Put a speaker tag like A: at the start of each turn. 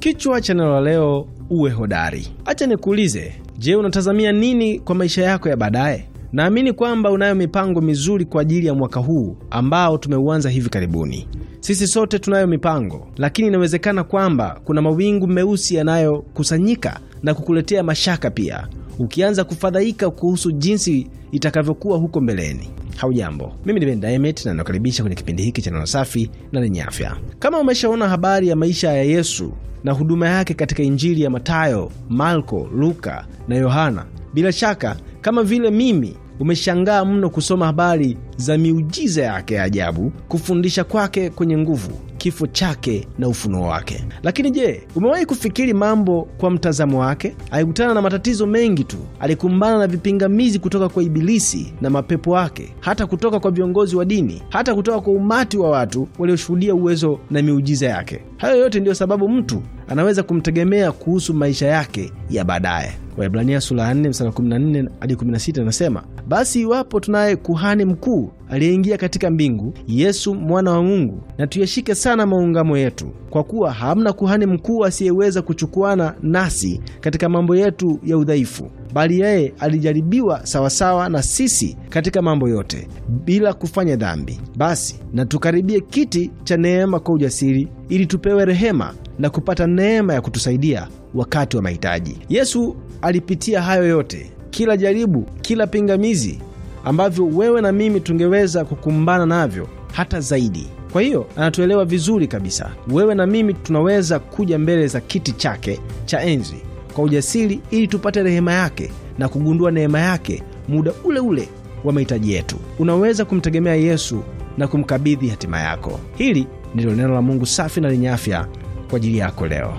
A: Kichwa cha neno la leo, uwe hodari. Acha nikuulize, je, unatazamia nini kwa maisha yako ya baadaye? Naamini kwamba unayo mipango mizuri kwa ajili ya mwaka huu ambao tumeuanza hivi karibuni. Sisi sote tunayo mipango, lakini inawezekana kwamba kuna mawingu meusi yanayokusanyika na kukuletea mashaka pia, ukianza kufadhaika kuhusu jinsi itakavyokuwa huko mbeleni. Haujambo, mimi ni Ben Diamond na nakaribisha kwenye kipindi hiki cha neno safi na lenye afya. Kama umeshaona habari ya maisha ya Yesu na huduma yake katika Injili ya Matayo, Marko, Luka na Yohana, bila shaka kama vile mimi umeshangaa mno kusoma habari za miujiza yake ya ajabu, kufundisha kwake kwenye nguvu kifo chake na ufunuo wake. Lakini je, umewahi kufikiri mambo kwa mtazamo wake? Alikutana na matatizo mengi tu, alikumbana na vipingamizi kutoka kwa Ibilisi na mapepo wake, hata kutoka kwa viongozi wa dini, hata kutoka kwa umati wa watu walioshuhudia uwezo na miujiza yake. Hayo yote ndiyo sababu mtu anaweza kumtegemea kuhusu maisha yake ya baadaye. Waebrania sura 4 mstari 14 hadi 16 anasema, basi iwapo tunaye kuhani mkuu aliyeingia katika mbingu, Yesu mwana wa Mungu. Na tuyashike sana maungamo yetu, kwa kuwa hamna kuhani mkuu asiyeweza kuchukuana nasi katika mambo yetu ya udhaifu, bali yeye alijaribiwa sawasawa na sisi katika mambo yote, bila kufanya dhambi. Basi na tukaribie kiti cha neema kwa ujasiri, ili tupewe rehema na kupata neema ya kutusaidia wakati wa mahitaji. Yesu alipitia hayo yote, kila jaribu, kila pingamizi ambavyo wewe na mimi tungeweza kukumbana navyo hata zaidi. Kwa hiyo anatuelewa vizuri kabisa. Wewe na mimi tunaweza kuja mbele za kiti chake cha enzi kwa ujasiri, ili tupate rehema yake na kugundua neema yake muda ule ule wa mahitaji yetu. Unaweza kumtegemea Yesu na kumkabidhi hatima yako. Hili ndilo neno la Mungu safi na lenye afya kwa ajili yako leo.